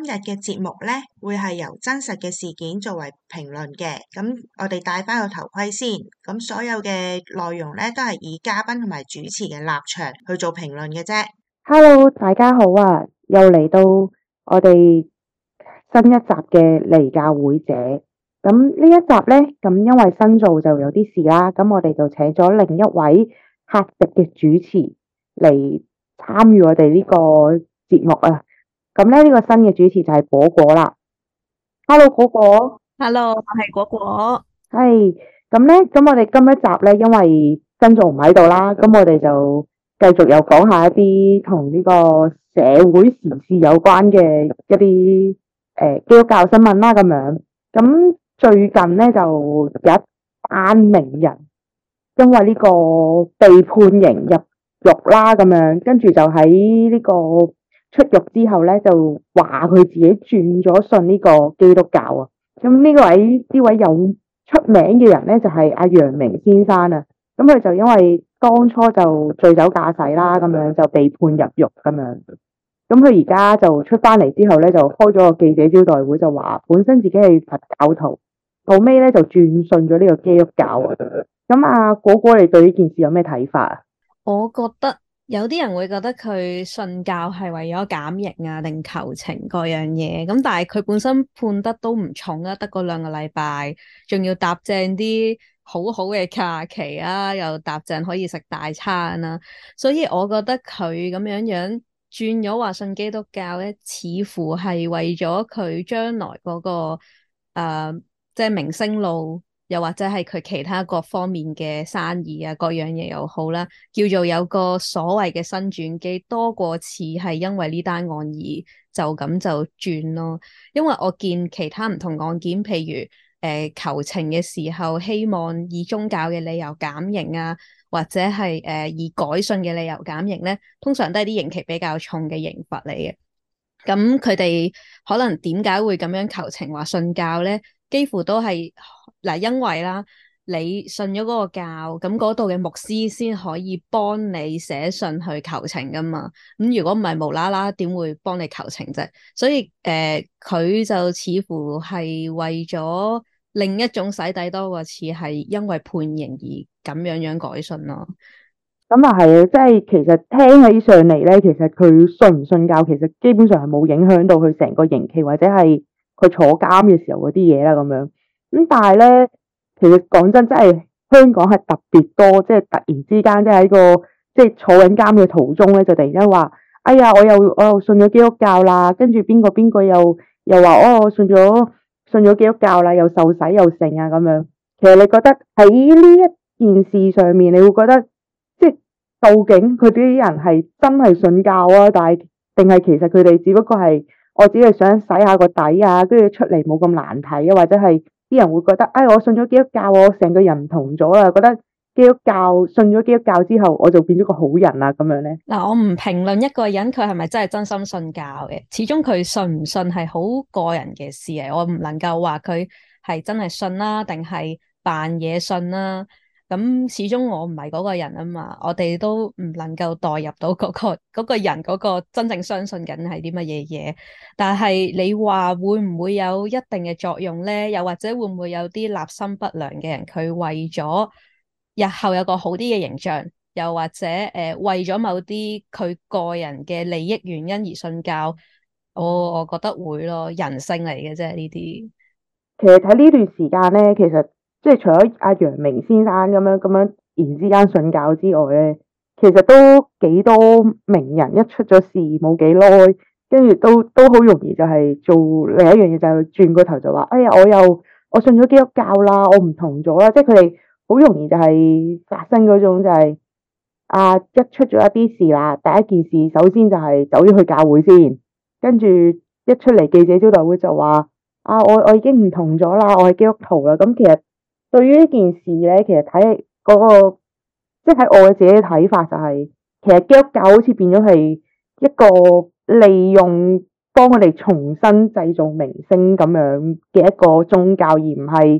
今日嘅節目咧，會係由真實嘅事件作為評論嘅。咁我哋戴翻個頭盔先。咁所有嘅內容咧，都係以嘉賓同埋主持嘅立場去做評論嘅啫。Hello，大家好啊！又嚟到我哋新一集嘅離教會者。咁呢一集咧，咁因為新做就有啲事啦。咁我哋就請咗另一位客席嘅主持嚟參與我哋呢個節目啊！咁咧，呢個新嘅主持就係果果啦。Hello，果果。Hello，我係果果。係，咁咧，咁我哋今一集咧，因為珍總唔喺度啦，咁我哋就繼續又講下一啲同呢個社會時事有關嘅一啲誒、呃、基督教新聞啦，咁樣。咁最近咧就有一班名人因為呢個被判刑入獄啦，咁樣，跟住就喺呢、這個。出獄之後咧，就話佢自己轉咗信呢個基督教啊。咁呢位呢位有出名嘅人咧，就係阿楊明先生啊。咁佢就因為當初就醉酒駕駛啦，咁樣就被判入獄咁樣。咁佢而家就出翻嚟之後咧，就開咗個記者招待會，就話本身自己係佛教徒，後尾咧就轉信咗呢個基督教啊。咁阿、啊、果果，你對呢件事有咩睇法啊？我覺得。有啲人會覺得佢信教係為咗減刑啊，定求情嗰樣嘢。咁但係佢本身判得都唔重啊，得嗰兩個禮拜，仲要搭正啲好好嘅假期啊，又搭正可以食大餐啦、啊。所以我覺得佢咁樣樣轉咗話信基督教咧，似乎係為咗佢將來嗰、那個誒、呃，即係明星路。又或者係佢其他各方面嘅生意啊，各樣嘢又好啦，叫做有個所謂嘅新轉機多過似係因為呢單案而就咁就轉咯。因為我見其他唔同案件，譬如誒、呃、求情嘅時候，希望以宗教嘅理由減刑啊，或者係誒、呃、以改信嘅理由減刑咧，通常都係啲刑期比較重嘅刑罰嚟嘅。咁佢哋可能點解會咁樣求情話信教咧？幾乎都係嗱，因為啦，你信咗嗰個教，咁嗰度嘅牧師先可以幫你寫信去求情噶嘛。咁如果唔係無啦啦，點會幫你求情啫？所以誒、佢、呃、就似乎係為咗另一種洗底多過一次，係因為判刑而咁樣樣改信咯。咁啊係，即係其實聽起上嚟咧，其實佢信唔信教，其實基本上係冇影響到佢成個刑期或者係。佢坐監嘅時候嗰啲嘢啦，咁樣咁，但係咧，其實講真，真係香港係特別多，即係突然之間，即係喺個即係坐緊監嘅途中咧，就突然間話：哎呀，我又我又信咗基督教啦！跟住邊個邊個又又話：哦，我信咗信咗基督教啦，又受洗又成啊咁樣。其實你覺得喺呢一件事上面，你會覺得即係究竟佢啲人係真係信教啊？但係定係其實佢哋只不過係？我只係想洗下個底啊，跟住出嚟冇咁難睇啊，或者係啲人會覺得，哎，我信咗基督教，我成個人唔同咗啦，覺得基督教信咗基督教之後，我就變咗個好人啊，咁樣咧。嗱，我唔評論一個人佢係咪真係真心信教嘅。始終佢信唔信係好個人嘅事嚟，我唔能夠話佢係真係信啦，定係扮嘢信啦。咁始終我唔係嗰個人啊嘛，我哋都唔能夠代入到嗰、嗰個、嗰個人嗰、嗰個真正相信緊係啲乜嘢嘢。但係你話會唔會有一定嘅作用咧？又或者會唔會有啲立心不良嘅人，佢為咗日後有個好啲嘅形象，又或者誒、呃、為咗某啲佢個人嘅利益原因而信教？我、哦、我覺得會咯，人性嚟嘅啫呢啲。其實喺呢段時間咧，其實。即係除咗阿楊明先生咁樣咁樣，然之間信教之外咧，其實都幾多名人一出咗事冇幾耐，跟住都都好容易就係做另一樣嘢，就係轉個頭就話，哎呀，我又我信咗基督教啦，我唔同咗啦，即係佢哋好容易就係發生嗰種就係、是啊，啊一出咗一啲事啦，第一件事首先就係走咗去教會先，跟住一出嚟記者招待會就話，啊我我已經唔同咗啦，我係基督徒啦，咁其實。對於呢件事咧，其實睇嗰、嗰個，即係睇我自己嘅睇法就係、係，其實基督教好似變咗係一個利用幫佢哋重新製造明星咁樣嘅一個宗教，而唔係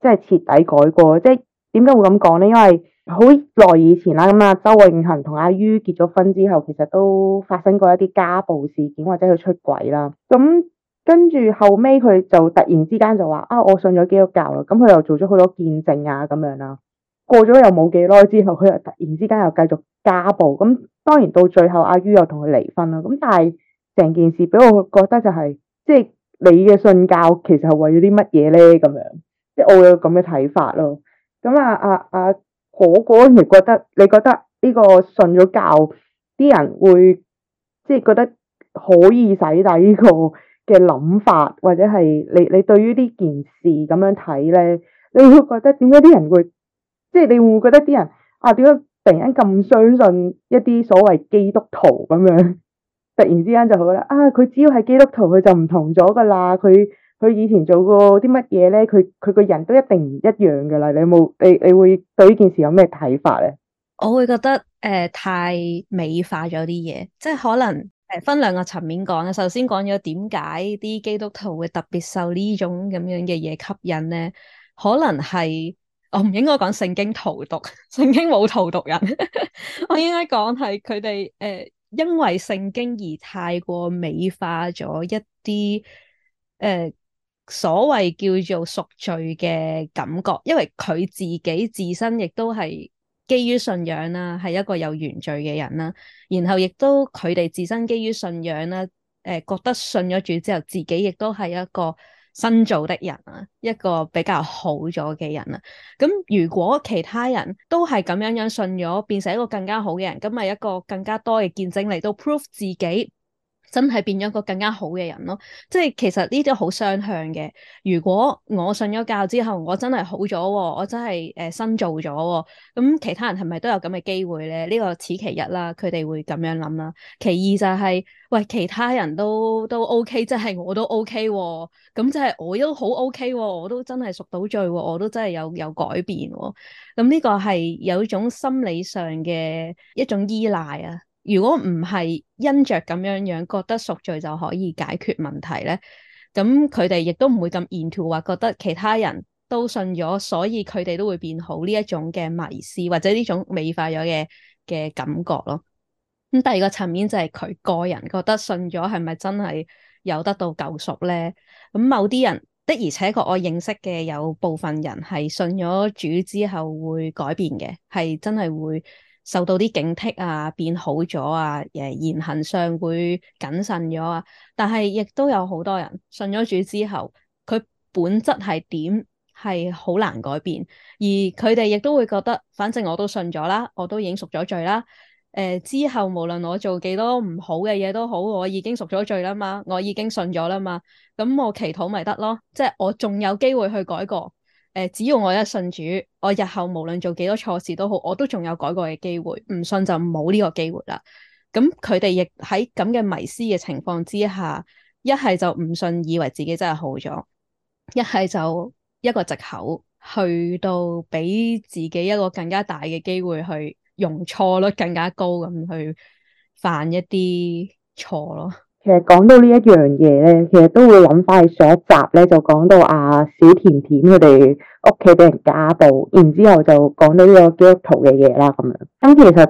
即係徹底改過。即係點解會咁講咧？因為好耐以前啦，咁啊，周永恒同阿於結咗婚之後，其實都發生過一啲家暴事件或者佢出軌啦，咁。跟住後尾，佢就突然之間就話啊，我信咗基督教啦，咁佢又做咗好多見證啊，咁樣啦。過咗又冇幾耐之後，佢又突然之間又繼續家暴。咁當然到最後，阿於又同佢離婚啦。咁但係成件事俾我覺得就係、是，即係你嘅信教其實係為咗啲乜嘢咧？咁樣即係我有咁嘅睇法咯。咁啊啊啊，果、啊、果、啊、你覺得你覺得呢個信咗教啲人會即係覺得可以洗底呢個嘅諗法，或者係你你對於呢件事咁樣睇咧？你會覺得點解啲人會即係、就是、你會覺得啲人啊，點解突然間咁相信一啲所謂基督徒咁樣？突然之間就覺得啊，佢只要係基督徒，佢就唔同咗噶啦。佢佢以前做過啲乜嘢咧？佢佢個人都一定唔一樣噶啦。你有冇你你會對呢件事有咩睇法咧？我會覺得誒、呃、太美化咗啲嘢，即係可能。誒，分兩個層面講啦。首先講咗點解啲基督徒會特別受呢種咁樣嘅嘢吸引咧？可能係我唔應該講聖經荼毒，聖經冇荼毒人。 我應該講係佢哋誒，因為聖經而太過美化咗一啲誒、呃、所謂叫做贖罪嘅感覺，因為佢自己自身亦都係。基於信仰啦，係一個有原罪嘅人啦，然後亦都佢哋自身基於信仰啦，誒、呃、覺得信咗主之後，自己亦都係一個新造的人啦，一個比較好咗嘅人啦。咁如果其他人都係咁樣樣信咗，變成一個更加好嘅人，咁咪一個更加多嘅見證嚟到 prove 自己。真係變咗個更加好嘅人咯，即係其實呢啲好雙向嘅。如果我信咗教之後，我真係好咗、哦，我真係誒、呃、新做咗、哦，咁其他人係咪都有咁嘅機會咧？呢、這個此其一啦，佢哋會咁樣諗啦。其二就係、是，喂，其他人都都 OK，即係我都 OK，咁即係我都好 OK，我都真係贖到罪，我都真係、哦、有有改變、哦。咁呢個係有種心理上嘅一種依賴啊。如果唔係因着咁樣樣覺得贖罪就可以解決問題咧，咁佢哋亦都唔會咁沿途話覺得其他人都信咗，所以佢哋都會變好呢一種嘅迷思或者呢種美化咗嘅嘅感覺咯。咁第二個層面就係佢個人覺得信咗係咪真係有得到救贖咧？咁某啲人的而且確，我認識嘅有部分人係信咗主之後會改變嘅，係真係會。受到啲警惕啊，變好咗啊，誒，言行上會謹慎咗啊，但係亦都有好多人信咗主之後，佢本質係點係好難改變，而佢哋亦都會覺得，反正我都信咗啦，我都已經贖咗罪啦，誒、呃、之後無論我做幾多唔好嘅嘢都好，我已經贖咗罪啦嘛，我已經信咗啦嘛，咁我祈禱咪得咯，即係我仲有機會去改過。誒，只要我一信主，我日後無論做幾多錯事都好，我都仲有改過嘅機會。唔信就冇呢個機會啦。咁佢哋亦喺咁嘅迷思嘅情況之下，一係就唔信，以為自己真係好咗；一係就一個借口，去到俾自己一個更加大嘅機會，去容錯率更加高咁去犯一啲錯咯。其實講到呢一樣嘢咧，其實都會諗翻去上一集咧，就講到阿、啊、小甜甜佢哋屋企俾人家暴，然之後就講到呢個基督徒嘅嘢啦咁樣。咁其實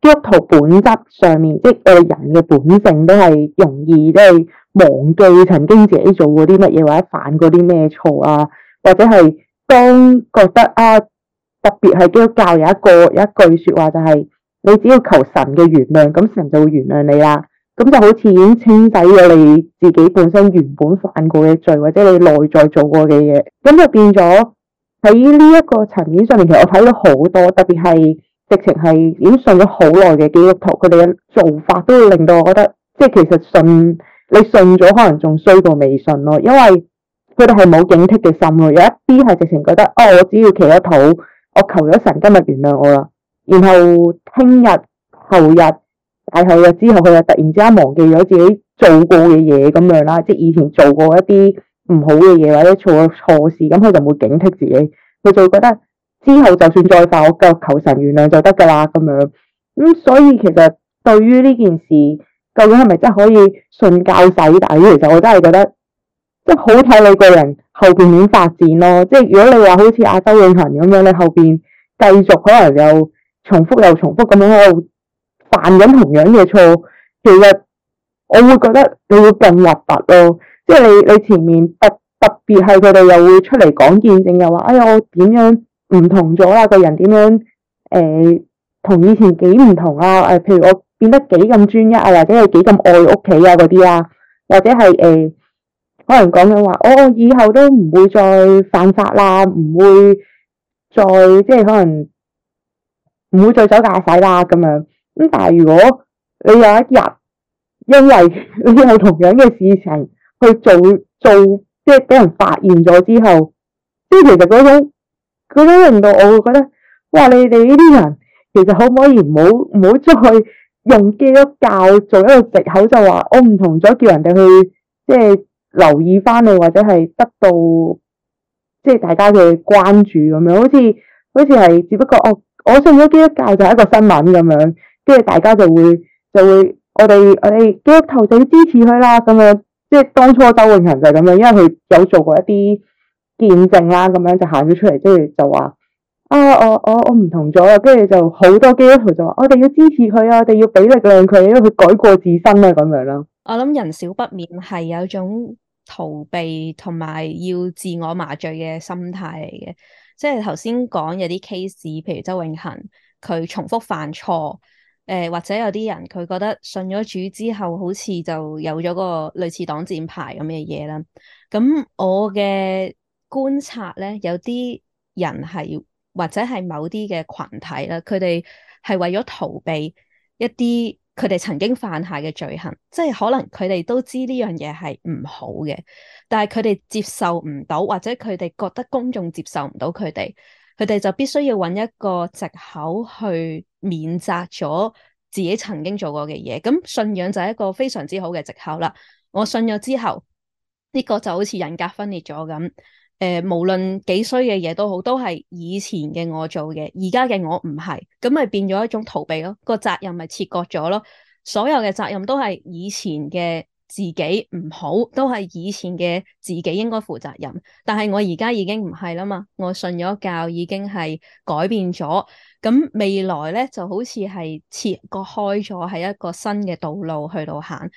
基督徒本質上面，即係人嘅本性都係容易即係、就是、忘記曾經自己做過啲乜嘢，或者犯過啲咩錯啊，或者係當覺得啊，特別係基督教有一個有一句說話就係、是，你只要求神嘅原諒，咁神就會原諒你啦。咁就好似已經清洗咗你自己本身原本犯過嘅罪，或者你內在做過嘅嘢，咁就變咗喺呢一個層面上面。其實我睇咗好多，特別係直情係已經信咗好耐嘅基督徒，佢哋嘅做法都會令到我覺得，即係其實信你信咗，可能仲衰過未信咯，因為佢哋係冇警惕嘅心咯。有一啲係直情覺得，哦，我只要祈咗禱，我求咗神今日原諒我啦，然後聽日、後日。但係又之後佢又突然之間忘記咗自己做過嘅嘢咁樣啦，即係以前做過一啲唔好嘅嘢或者做過錯事，咁佢就唔會警惕自己，佢就覺得之後就算再犯，我求求神原諒就得噶啦咁樣。咁、嗯、所以其實對於呢件事究竟係咪真係可以信教洗底？其實我真係覺得即係好睇你個人後邊點發展咯。即係如果你話好似阿周永恆咁樣，你後邊繼續可能又重複又重複咁樣喺度。犯緊同樣嘅錯，其實我會覺得你會更核突咯，即係你你前面特、呃、特別係佢哋又會出嚟講見證，又話：哎呀，我點樣唔同咗啦？個人點樣誒、呃、同以前幾唔同啊？誒、呃，譬如我變得幾咁專一啊，或者係幾咁愛屋企啊嗰啲啊，或者係誒、呃、可能講緊話，我、哦、以後都唔會再犯法啦，唔會再即係可能唔會再走駕駛啦咁樣。咁但係如果你有一日，因為你有同樣嘅事情去做做，即係俾人發現咗之後，即係其實嗰種嗰種令到我會覺得，哇！你哋呢啲人其實可唔可以唔好唔好再用基督教做一個藉口，就話我唔同咗，叫人哋去即係留意翻你，或者係得到即係大家嘅關注咁樣，好似好似係只不過哦，我信咗基督教就係一個新聞咁樣。即係大家就會就會，我哋我哋基督徒就要支持佢啦咁樣。即係當初周永恒就係咁樣，因為佢有做過一啲見證啊，咁樣就行咗出嚟，跟住就話啊我我我唔同咗啦，跟住就好多基督徒就話我哋要支持佢啊，我哋要俾力量佢，因為佢改過自新啊咁樣咯。我諗人少不免係有一種逃避同埋要自我麻醉嘅心態嚟嘅。即係頭先講有啲 case，譬如周永恒佢重複犯錯。誒、呃，或者有啲人佢覺得信咗主之後，好似就有咗個類似擋箭牌咁嘅嘢啦。咁我嘅觀察咧，有啲人係或者係某啲嘅群體啦，佢哋係為咗逃避一啲佢哋曾經犯下嘅罪行，即係可能佢哋都知呢樣嘢係唔好嘅，但係佢哋接受唔到，或者佢哋覺得公眾接受唔到佢哋。佢哋就必須要搵一個藉口去免責咗自己曾經做過嘅嘢，咁信仰就係一個非常之好嘅藉口啦。我信咗之後，呢、這個就好似人格分裂咗咁。誒、呃，無論幾衰嘅嘢都好，都係以前嘅我做嘅，而家嘅我唔係，咁咪變咗一種逃避咯。個責任咪切割咗咯，所有嘅責任都係以前嘅。自己唔好，都係以前嘅自己應該負責任。但係我而家已經唔係啦嘛，我信咗教已經係改變咗。咁未來咧就好似係切割開咗，係一個新嘅道路去到行。誒、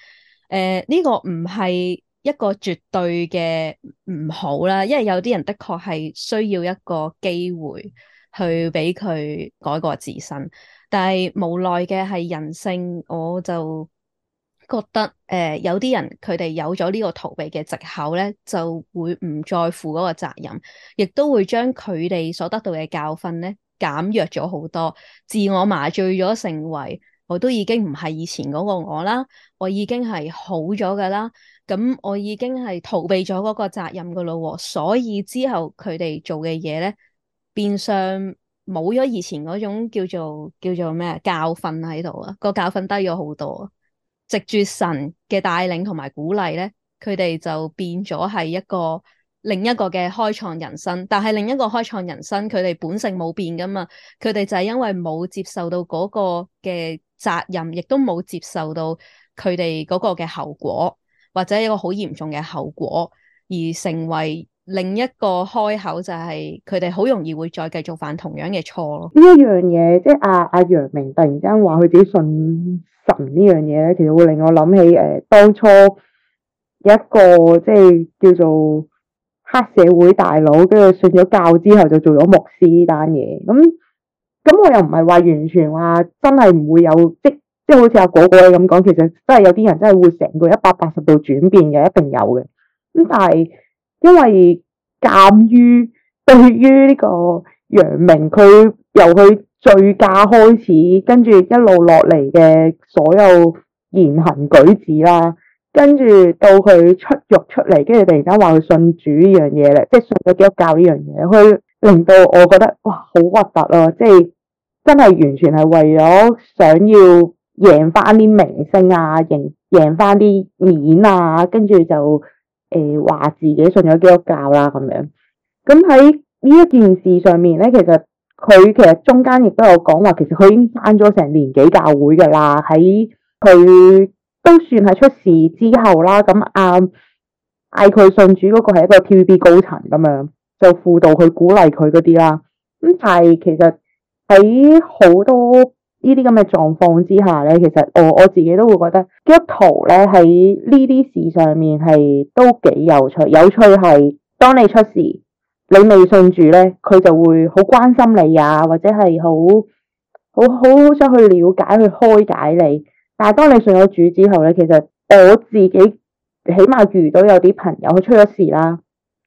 呃，呢、這個唔係一個絕對嘅唔好啦，因為有啲人的確係需要一個機會去俾佢改過自身，但係無奈嘅係人性，我就。覺得誒、呃，有啲人佢哋有咗呢個逃避嘅借口咧，就會唔在乎嗰個責任，亦都會將佢哋所得到嘅教訓咧減弱咗好多，自我麻醉咗，成為我都已經唔係以前嗰個我啦，我已經係好咗噶啦，咁我已經係逃避咗嗰個責任噶啦，所以之後佢哋做嘅嘢咧，變相冇咗以前嗰種叫做叫做咩教訓喺度啊，個教訓低咗好多。藉住神嘅帶領同埋鼓勵咧，佢哋就變咗係一個另一個嘅開創人生。但係另一個開創人生，佢哋本性冇變噶嘛，佢哋就係因為冇接受到嗰個嘅責任，亦都冇接受到佢哋嗰個嘅後果，或者一個好嚴重嘅後果，而成為另一個開口就係佢哋好容易會再繼續犯同樣嘅錯咯。呢一樣嘢，即係阿阿楊明突然間話佢自己信。神呢樣嘢咧，其實會令我諗起誒、呃，當初有一個即係叫做黑社會大佬，跟住信咗教之後就做咗牧師呢單嘢。咁咁我又唔係話完全話真係唔會有，即即好似阿、啊、果果你咁講，其實真係有啲人真係會成個一百八十度轉變嘅，一定有嘅。咁但係因為鑒於對於呢個楊明，佢由佢醉駕開始，跟住一路落嚟嘅所有言行舉止啦，跟住到佢出獄出嚟，跟住突然間話佢信主呢樣嘢咧，即係信咗基督教呢樣嘢，佢令到我覺得哇，好核突咯，即係真係完全係為咗想要贏翻啲明星啊，贏贏翻啲面啊，跟住就誒話、呃、自己信咗基督教啦、啊、咁樣。咁喺呢一件事上面咧，其實佢其實中間亦都有講話，其實佢已經翻咗成年幾教會噶啦，喺佢都算係出事之後啦。咁啊，嗌佢信主嗰個係一個 TVB 高層咁樣，就輔導佢、鼓勵佢嗰啲啦。咁但係其實喺好多呢啲咁嘅狀況之下咧，其實我我自己都會覺得基督徒咧喺呢啲事上面係都幾有趣。有趣係當你出事，你未信主咧，佢就會好關心你啊，或者係好好好想去了解、去開解你。但係當你信咗主之後咧，其實我自己起碼遇到有啲朋友佢出咗事啦，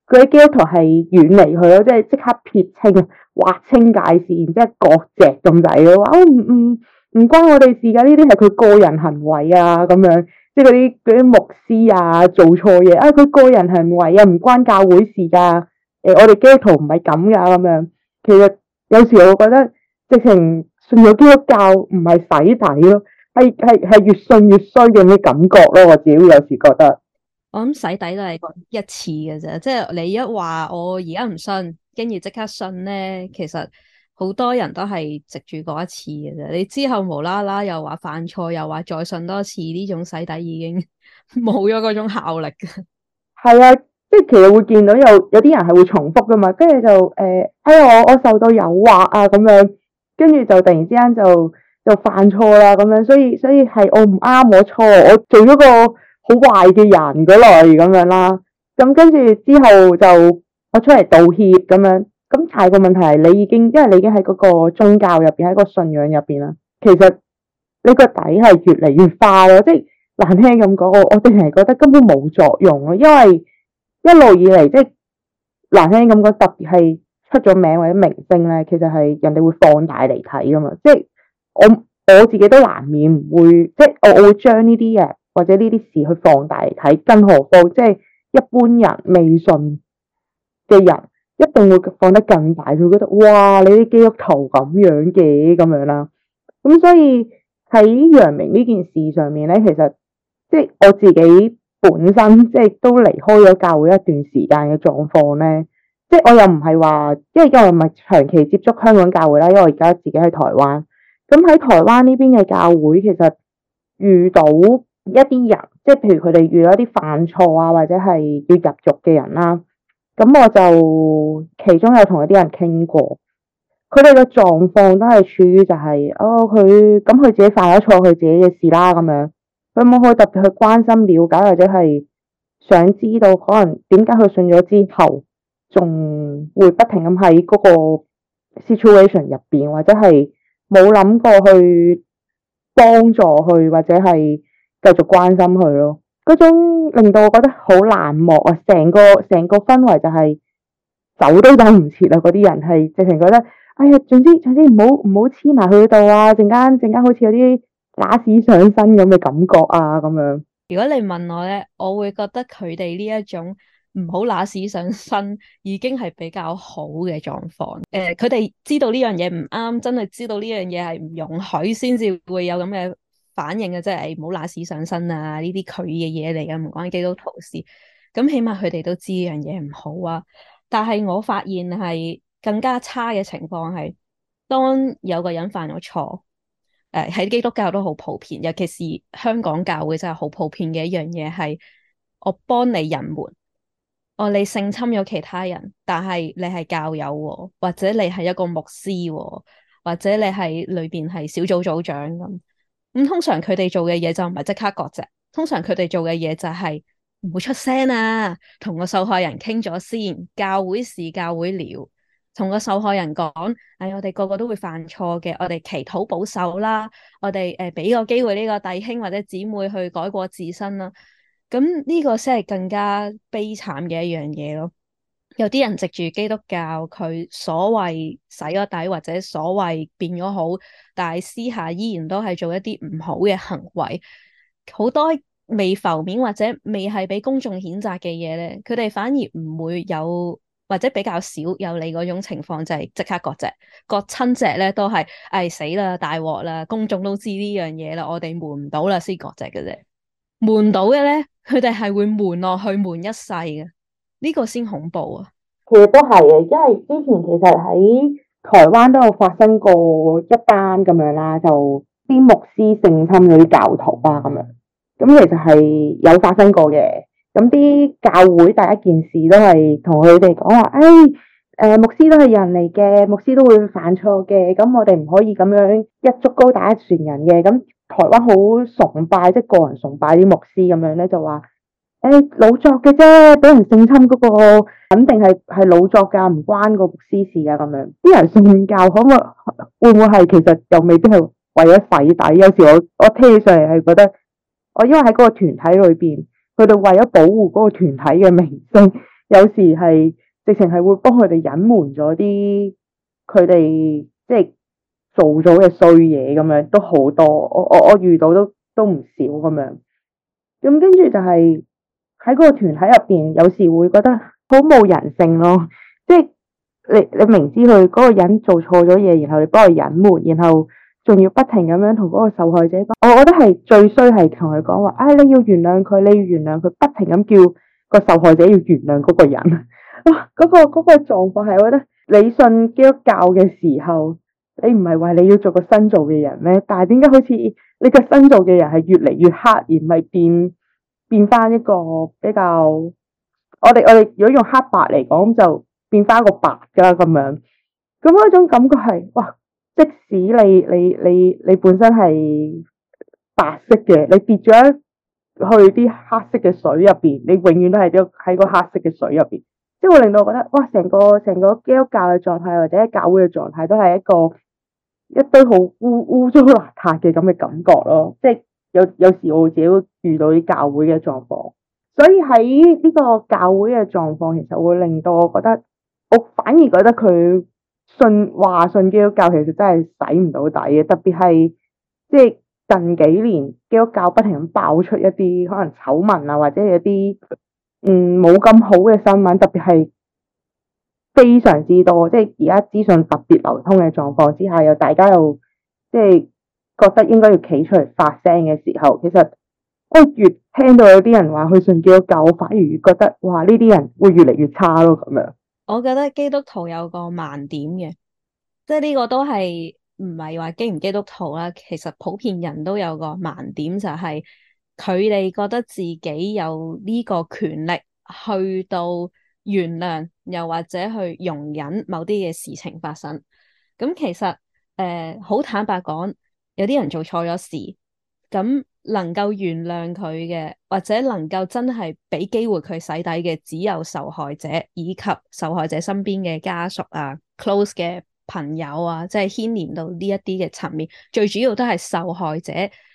佢嘅基督徒係遠離佢咯，即係即刻撇清啊，劃清界線，然之後割席咁滯咯，話：哦唔唔唔關我哋事㗎，呢啲係佢個人行為啊咁樣，即係嗰啲嗰啲牧師啊做錯嘢啊，佢個人行為啊，唔、啊哎啊、關教會事㗎。誒，我哋基督徒唔係咁㗎，咁樣其實有時我會覺得，直情信咗基督教唔係洗底咯，係係係越信越衰嘅啲感覺咯，我自己有時覺得。我諗洗底都係一次嘅啫，對，即係你一話我而家唔信，跟住即刻信咧，其實好多人都係藉住嗰一次嘅啫。你之後無啦啦又話犯錯，又話再信多次，呢種洗底已經冇咗嗰種效力嘅。係啊。即係其實會見到有有啲人係會重複㗎嘛，跟住就誒、呃，哎我我受到誘惑啊咁樣，跟住就突然之間就就犯錯啦咁樣，所以所以係我唔啱我錯，我做咗個好壞嘅人嗰類咁樣啦，咁跟住之後就我出嚟道歉咁樣，咁但係個問題係你已經因為你已經喺嗰個宗教入邊喺個信仰入邊啦，其實你個底係越嚟越花咯，即係難聽咁講，我我淨係覺得根本冇作用咯，因為。一路以嚟，即係難聽啲咁講，特別係出咗名或者明星咧，其實係人哋會放大嚟睇㗎嘛。即係我我自己都難免會，即係我我會將呢啲嘢或者呢啲事去放大嚟睇。更何況即係一般人未信嘅人，一定會放得更大，佢會覺得嘩，你啲肌肉頭咁樣嘅咁樣啦。咁所以喺楊明呢件事上面咧，其實即係我自己。本身即係都離開咗教會一段時間嘅狀況咧，即係我又唔係話，因為我又唔係長期接觸香港教會啦，因為我而家自己喺台灣。咁喺台灣呢邊嘅教會，其實遇到一啲人，即係譬如佢哋遇到一啲犯錯啊，或者係要入獄嘅人啦，咁我就其中有同一啲人傾過，佢哋嘅狀況都係處於就係、是，哦佢咁佢自己犯咗錯，佢自己嘅事啦咁樣。佢冇去特別去關心了解，或者係想知道可能點解佢信咗之後，仲會不停咁喺嗰個 situation 入邊，或者係冇諗過去幫助佢，或者係繼續關心佢咯。嗰種令到我覺得好冷漠啊！成個成個氛圍就係走都走唔切啦。嗰啲人係直情覺得，哎呀，總之總之唔好唔好黐埋去度啊！陣間陣間好似有啲。揦屎上身咁嘅感覺啊，咁樣。如果你問我咧，我會覺得佢哋呢一種唔好揦屎上身，已經係比較好嘅狀況。誒、呃，佢哋知道呢樣嘢唔啱，真係知道呢樣嘢係唔容許先至會有咁嘅反應嘅啫。即係唔好揦屎上身啊！呢啲佢嘅嘢嚟嘅，唔關基督徒事。咁起碼佢哋都知呢樣嘢唔好啊。但係我發現係更加差嘅情況係，當有個人犯咗錯。誒，喺基督教都好普遍，尤其是香港教會真係好普遍嘅一樣嘢係，我幫你隱瞞，哦，你性侵咗其他人，但係你係教友，或者你係一個牧師，或者你係裏邊係小組組長咁，咁通常佢哋做嘅嘢就唔係即刻割席，通常佢哋做嘅嘢就係唔會出聲啊，同個受害人傾咗先，教會事教會了。同個受害人講，哎，我哋個個都會犯錯嘅，我哋祈禱保守啦，我哋誒俾個機會呢個弟兄或者姊妹去改過自身啦。咁呢個先係更加悲慘嘅一樣嘢咯。有啲人藉住基督教，佢所謂洗咗底或者所謂變咗好，但係私下依然都係做一啲唔好嘅行為。好多未浮面或者未係俾公眾譴責嘅嘢咧，佢哋反而唔會有。或者比較少有你嗰種情況，就係即刻割隻，割親隻咧，都係誒、哎、死啦，大鑊啦，公眾都知呢樣嘢啦，我哋瞞唔到啦，先割隻嘅啫，瞞到嘅咧，佢哋係會瞞落去瞞一世嘅，呢、這個先恐怖啊！其實都係啊，因為之前其實喺台灣都有發生過一單咁樣啦，就啲牧師性侵嗰啲女教徒啊咁樣，咁其實係有發生過嘅。咁啲教會第一件事都係同佢哋講話，誒、哎，誒、呃，牧師都係人嚟嘅，牧師都會犯錯嘅，咁我哋唔可以咁樣一竹篙打一船人嘅。咁台灣好崇拜，即係個人崇拜啲牧師咁樣咧，就話誒、哎，老作嘅啫，俾人性侵嗰個肯定係係老作嘅，唔關個牧師事嘅咁樣。啲人信教可唔會會唔會係其實又未必係為咗洗底？有時我我聽起上嚟係覺得，我因為喺嗰個團體裏邊。佢哋為咗保護嗰個團體嘅名聲，有時係直情係會幫佢哋隱瞞咗啲佢哋即係做咗嘅衰嘢咁樣，都好多。我我我遇到都都唔少咁樣。咁跟住就係喺嗰個團體入邊，有時會覺得好冇人性咯。即係你你明知佢嗰個人做錯咗嘢，然後你幫佢隱瞞，然後。仲要不停咁樣同嗰個受害者講，我覺得係最衰係同佢講話，唉、哎，你要原諒佢，你要原諒佢，不停咁叫個受害者要原諒嗰個人。哇，嗰、嗰個嗰、嗰個狀況係，我覺得你信基督教嘅時候，你唔係話你要做個新造嘅人咩？但係點解好似你個新造嘅人係越嚟越黑，而唔係變變翻一個比較，我哋我哋如果用黑白嚟講，就變翻一個白噶咁樣。咁嗰種感覺係哇。即使你你你你本身係白色嘅，你跌咗去啲黑色嘅水入邊，你永遠都係喺個黑色嘅水入邊，即係會令到我覺得，哇！成個成個基督教嘅狀態，或者教會嘅狀態，都係一個一堆好污污糟邋遢嘅咁嘅感覺咯。即係有有時我自己都遇到啲教會嘅狀況，所以喺呢個教會嘅狀況，其實會令到我覺得，我反而覺得佢。信話信基督教其實真係洗唔到底嘅，特別係即係近幾年基督教不停爆出一啲可能醜聞啊，或者一啲嗯冇咁好嘅新聞，特別係非常之多。即係而家資訊特別流通嘅狀況之下，又大家又即係覺得應該要企出嚟發聲嘅時候，其實越聽到有啲人話去信基督教，反而越覺得哇呢啲人會越嚟越差咯咁樣。我覺得基督徒有個盲點嘅，即係呢個都係唔係話基唔基督徒啦，其實普遍人都有個盲點，就係佢哋覺得自己有呢個權力去到原諒，又或者去容忍某啲嘅事情發生。咁其實誒好、呃、坦白講，有啲人做錯咗事，咁。能夠原諒佢嘅，或者能夠真係俾機會佢洗底嘅，只有受害者以及受害者身邊嘅家屬啊、close 嘅朋友啊，即係牽連到呢一啲嘅層面。最主要都係受害者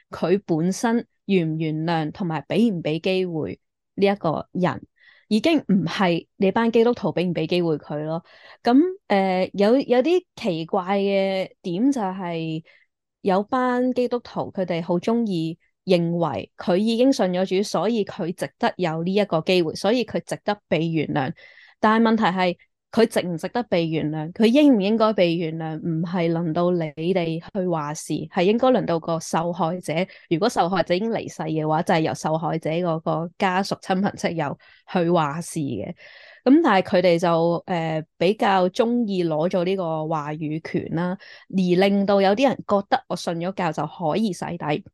佢本身原唔原諒，同埋俾唔俾機會呢一個人，已經唔係你班基督徒俾唔俾機會佢咯。咁誒、呃，有有啲奇怪嘅點就係、是、有班基督徒佢哋好中意。認為佢已經信咗主，所以佢值得有呢一個機會，所以佢值得被原諒。但係問題係佢值唔值得被原諒，佢應唔應該被原諒，唔係輪到你哋去話事，係應該輪到個受害者。如果受害者已經離世嘅話，就係、是、由受害者嗰個家屬、親朋戚友去話事嘅。咁但係佢哋就誒、呃、比較中意攞咗呢個話語權啦，而令到有啲人覺得我信咗教就可以洗底。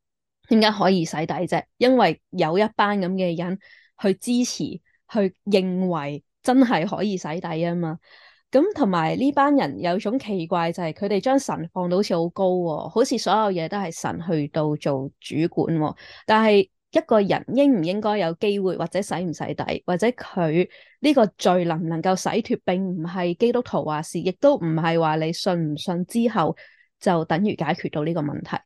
點解可以洗底啫？因為有一班咁嘅人去支持，去認為真係可以洗底啊嘛。咁同埋呢班人有種奇怪就係佢哋將神放到好似好高喎，好似所有嘢都係神去到做主管喎。但係一個人應唔應該有機會或者洗唔洗底，或者佢呢個罪能唔能夠洗脱，並唔係基督徒話事，亦都唔係話你信唔信之後就等於解決到呢個問題。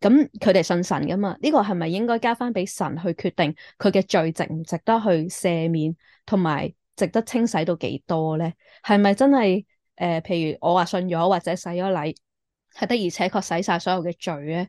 咁佢哋信神噶嘛？呢個係咪應該加翻俾神去決定佢嘅罪值唔值得去赦免，同埋值得清洗到幾多咧？係咪真係誒、呃？譬如我話信咗或者洗咗禮係得，的而且確洗晒所有嘅罪咧？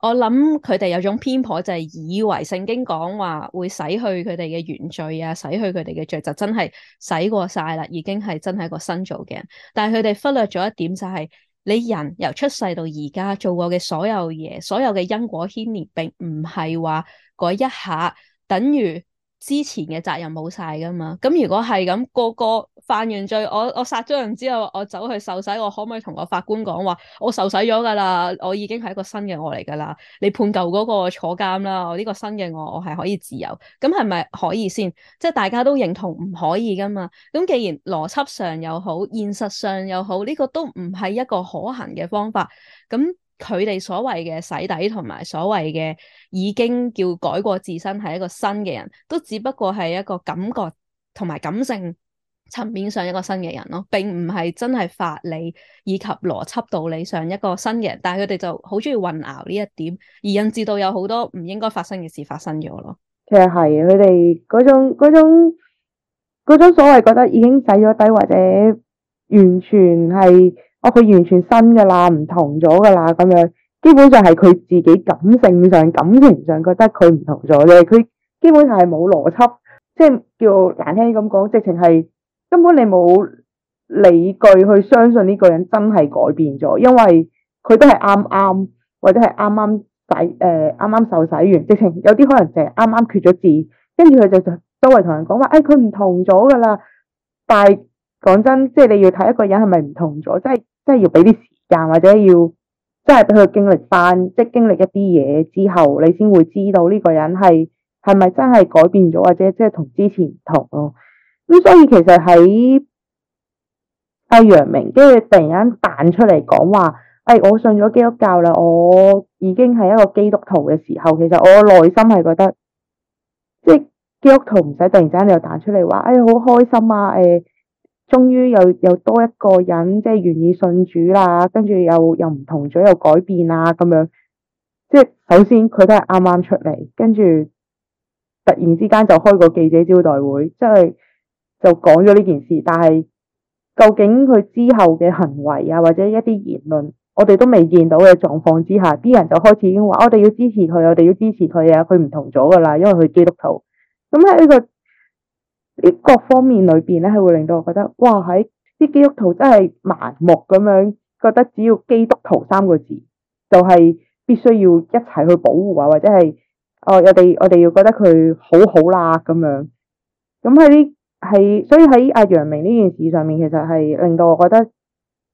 我諗佢哋有種偏頗就係以為聖經講話會洗去佢哋嘅原罪啊，洗去佢哋嘅罪就真係洗過晒啦，已經係真係一個新造嘅人。但係佢哋忽略咗一點就係、是。你人由出世到而家做過嘅所有嘢，所有嘅因果牽連，並唔係話嗰一下，等於。之前嘅責任冇晒㗎嘛？咁如果係咁，個個犯完罪，我我殺咗人之後，我走去受洗，我可唔可以同個法官講話？我受洗咗㗎喇，我已經係一個新嘅我嚟㗎喇。你判舊嗰個坐監啦，我呢個新嘅我，我係可以自由。咁係咪可以先？即係大家都認同唔可以㗎嘛？咁既然邏輯上又好，現實上又好，呢、這個都唔係一個可行嘅方法。咁。佢哋所謂嘅洗底，同埋所謂嘅已經叫改過自身，係一個新嘅人，都只不過係一個感覺同埋感性層面上一個新嘅人咯，並唔係真係法理以及邏輯道理上一個新嘅人。但係佢哋就好中意混淆呢一點，而引致到有好多唔應該發生嘅事發生咗咯。其實係，佢哋嗰種嗰種嗰種所謂覺得已經洗咗底，或者完全係。哦，佢完全新噶啦，唔同咗噶啦，咁樣基本上係佢自己感性上、感情上覺得佢唔同咗啫。佢基本上係冇邏輯，即係叫難聽啲咁講，直情係根本你冇理據去相信呢個人真係改變咗，因為佢都係啱啱或者係啱啱洗誒啱啱受洗完，直情有啲可能成啱啱缺咗字，跟住佢就周圍同人講話，誒，佢唔同咗噶啦。但係講真，即係你要睇一個人係咪唔同咗，即係。即係要俾啲時間，或者要即係俾佢經歷翻，即係經歷一啲嘢之後，你先會知道呢個人係係咪真係改變咗，或者即係同之前唔同咯。咁所以其實喺阿楊明，跟住突然間彈出嚟講話，誒、哎，我信咗基督教啦，我已經係一個基督徒嘅時候，其實我內心係覺得，即係基督徒唔使突然間又彈出嚟話，誒、哎，好開心啊，誒、哎。終於又又多一個人即係願意信主啦，跟住又又唔同咗，又改變啦咁樣。即係首先佢都係啱啱出嚟，跟住突然之間就開個記者招待會，即係就講咗呢件事。但係究竟佢之後嘅行為啊，或者一啲言論，我哋都未見到嘅狀況之下，啲人就開始已經話：我哋要支持佢，我哋要支持佢啊！佢唔同咗噶啦，因為佢基督徒。咁喺呢個。呢各方面裏邊咧，係會令到我覺得，哇喺啲基督徒真係盲目咁樣，覺得只要基督徒三個字就係必須要一齊去保護啊，或者係哦我哋我哋要覺得佢好好啦咁樣。咁喺呢喺，所以喺阿楊明呢件事上面，其實係令到我覺得，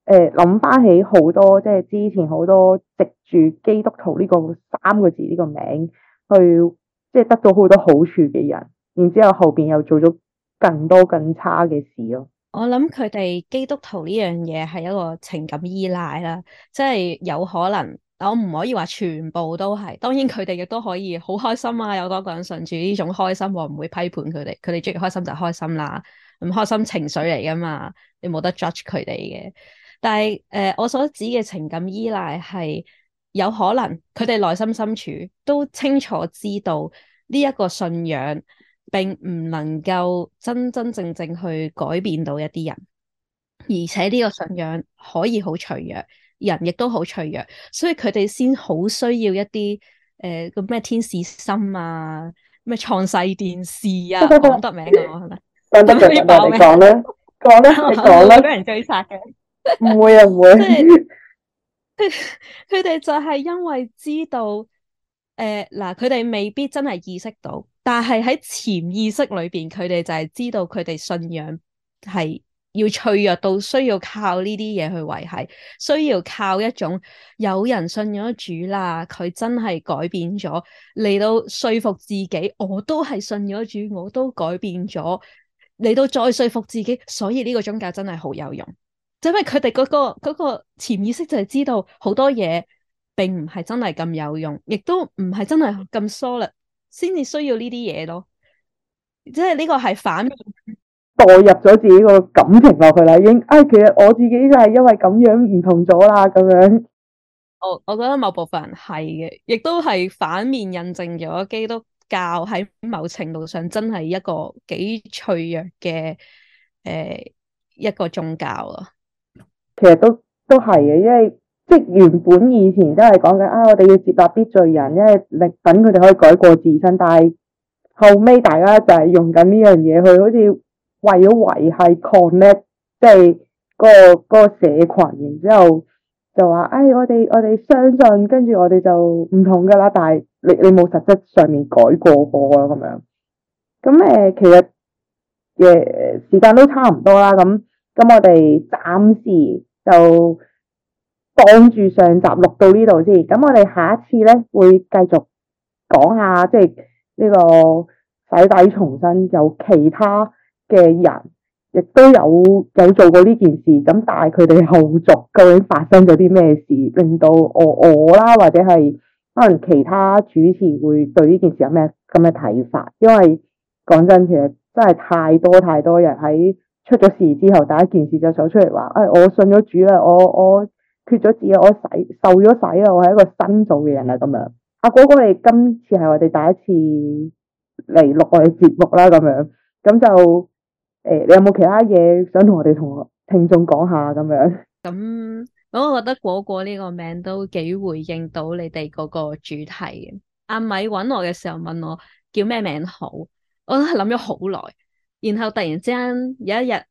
誒諗翻起好多即係之前好多藉住基督徒呢個三個字呢個名去，即係得到好多好處嘅人，然之後後邊又做咗。更多更差嘅事咯，我諗佢哋基督徒呢樣嘢係一個情感依賴啦，即係有可能，我唔可以話全部都係，當然佢哋亦都可以好開心啊，有多個人信住呢種開心，我唔會批判佢哋，佢哋中意開心就開心啦，唔開心情緒嚟噶嘛，你冇得 judge 佢哋嘅。但係誒、呃，我所指嘅情感依賴係有可能，佢哋內心深處都清楚知道呢一個信仰。並唔能夠真真正正去改變到一啲人，而且呢個信仰可以好脆弱，人亦都好脆弱，所以佢哋先好需要一啲誒個咩天使心啊，咩創世電視啊，講得明嘅係咪？講得明，講咧， 講咧 ，講咧，會唔會俾人追殺嘅？唔會啊，唔會。佢佢哋就係因為知道誒嗱，佢、呃、哋未必真係意識到。但係喺潛意識裏邊，佢哋就係知道佢哋信仰係要脆弱到需要靠呢啲嘢去維繫，需要靠一種有人信咗主啦，佢真係改變咗嚟到說服自己，我都係信咗主，我都改變咗嚟到再說服自己，所以呢個宗教真係好有用，就係、因為佢哋嗰個嗰、嗰個潛意識就係知道好多嘢並唔係真係咁有用，亦都唔係真係咁 solid。先至需要呢啲嘢咯，即係呢個係反面代入咗自己個感情落去啦。已經啊、哎，其實我自己就係因為咁樣唔同咗啦，咁樣。我我覺得某部分人係嘅，亦都係反面印證咗基督教喺某程度上真係一個幾脆弱嘅誒、呃、一個宗教咯。其實都都係嘅。因為即原本以前都係講緊啊，我哋要接納啲罪人，因為力等佢哋可以改過自新。但係後尾大家就係用緊呢樣嘢去，好似為咗維係 connect，即係個個社群。然之後就話誒、哎，我哋我哋相信，跟住我哋就唔同㗎啦。但係你你冇實質上面改過過啦，咁樣咁誒、呃，其實誒時間都差唔多啦。咁咁我哋暫時就～講住上集錄到呢度先，咁我哋下一次咧會繼續講下，即係呢個洗底重生有其他嘅人，亦都有有做過呢件事。咁但係佢哋後續究竟發生咗啲咩事，令到我我啦，或者係可能其他主持會對呢件事有咩咁嘅睇法？因為講真，其實真係太多太多人喺出咗事之後，第一件事就想出嚟話，誒、哎，我信咗主啦，我我。缺咗字啊！我洗受咗洗啊！我係一個新做嘅人啊，咁樣阿果果，你今次係我哋第一次嚟錄我哋節目啦，咁樣咁就誒、欸，你有冇其他嘢想我同我哋同聽眾講下咁樣？咁咁，我覺得果果呢個名都幾回應到你哋嗰個主題嘅。阿、啊、米揾我嘅時候問我叫咩名好，我都係諗咗好耐，然後突然之間有一日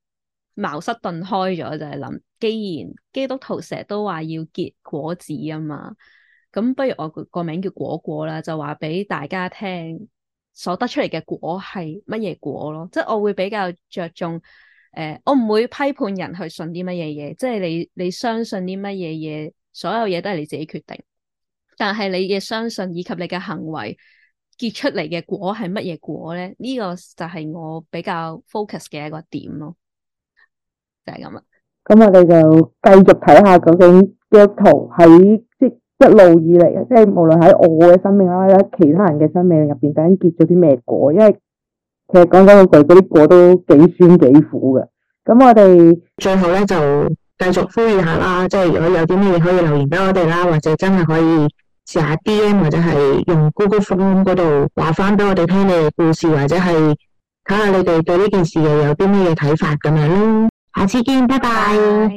茅塞頓開咗，就係、是、諗。既然基督徒成日都話要結果子啊嘛，咁不如我個名叫果果啦，就話俾大家聽所得出嚟嘅果係乜嘢果咯，即係我會比較着重誒，呃，我唔會批判人去信啲乜嘢嘢，即係你你相信啲乜嘢嘢，所有嘢都係你自己決定。但係你嘅相信以及你嘅行為結出嚟嘅果係乜嘢果咧？呢個就係我比較 focus 嘅一個點咯，就係咁啦。咁我哋就繼續睇下究竟腳圖喺即係一路以嚟，即係無論喺我嘅生命啦，或者其他人嘅生命入邊，究竟結咗啲咩果？因為其實講真嗰句，嗰啲果都幾酸幾苦嘅。咁我哋最後咧就繼續呼籲下啦，即係如果有啲咩嘢可以留言俾我哋啦，或者真係可以試下 DM 或者係用 Google Form 嗰度話翻俾我哋聽你故事，或者係睇下你哋對呢件事又有啲咩嘢睇法咁樣咯。下次見，拜拜。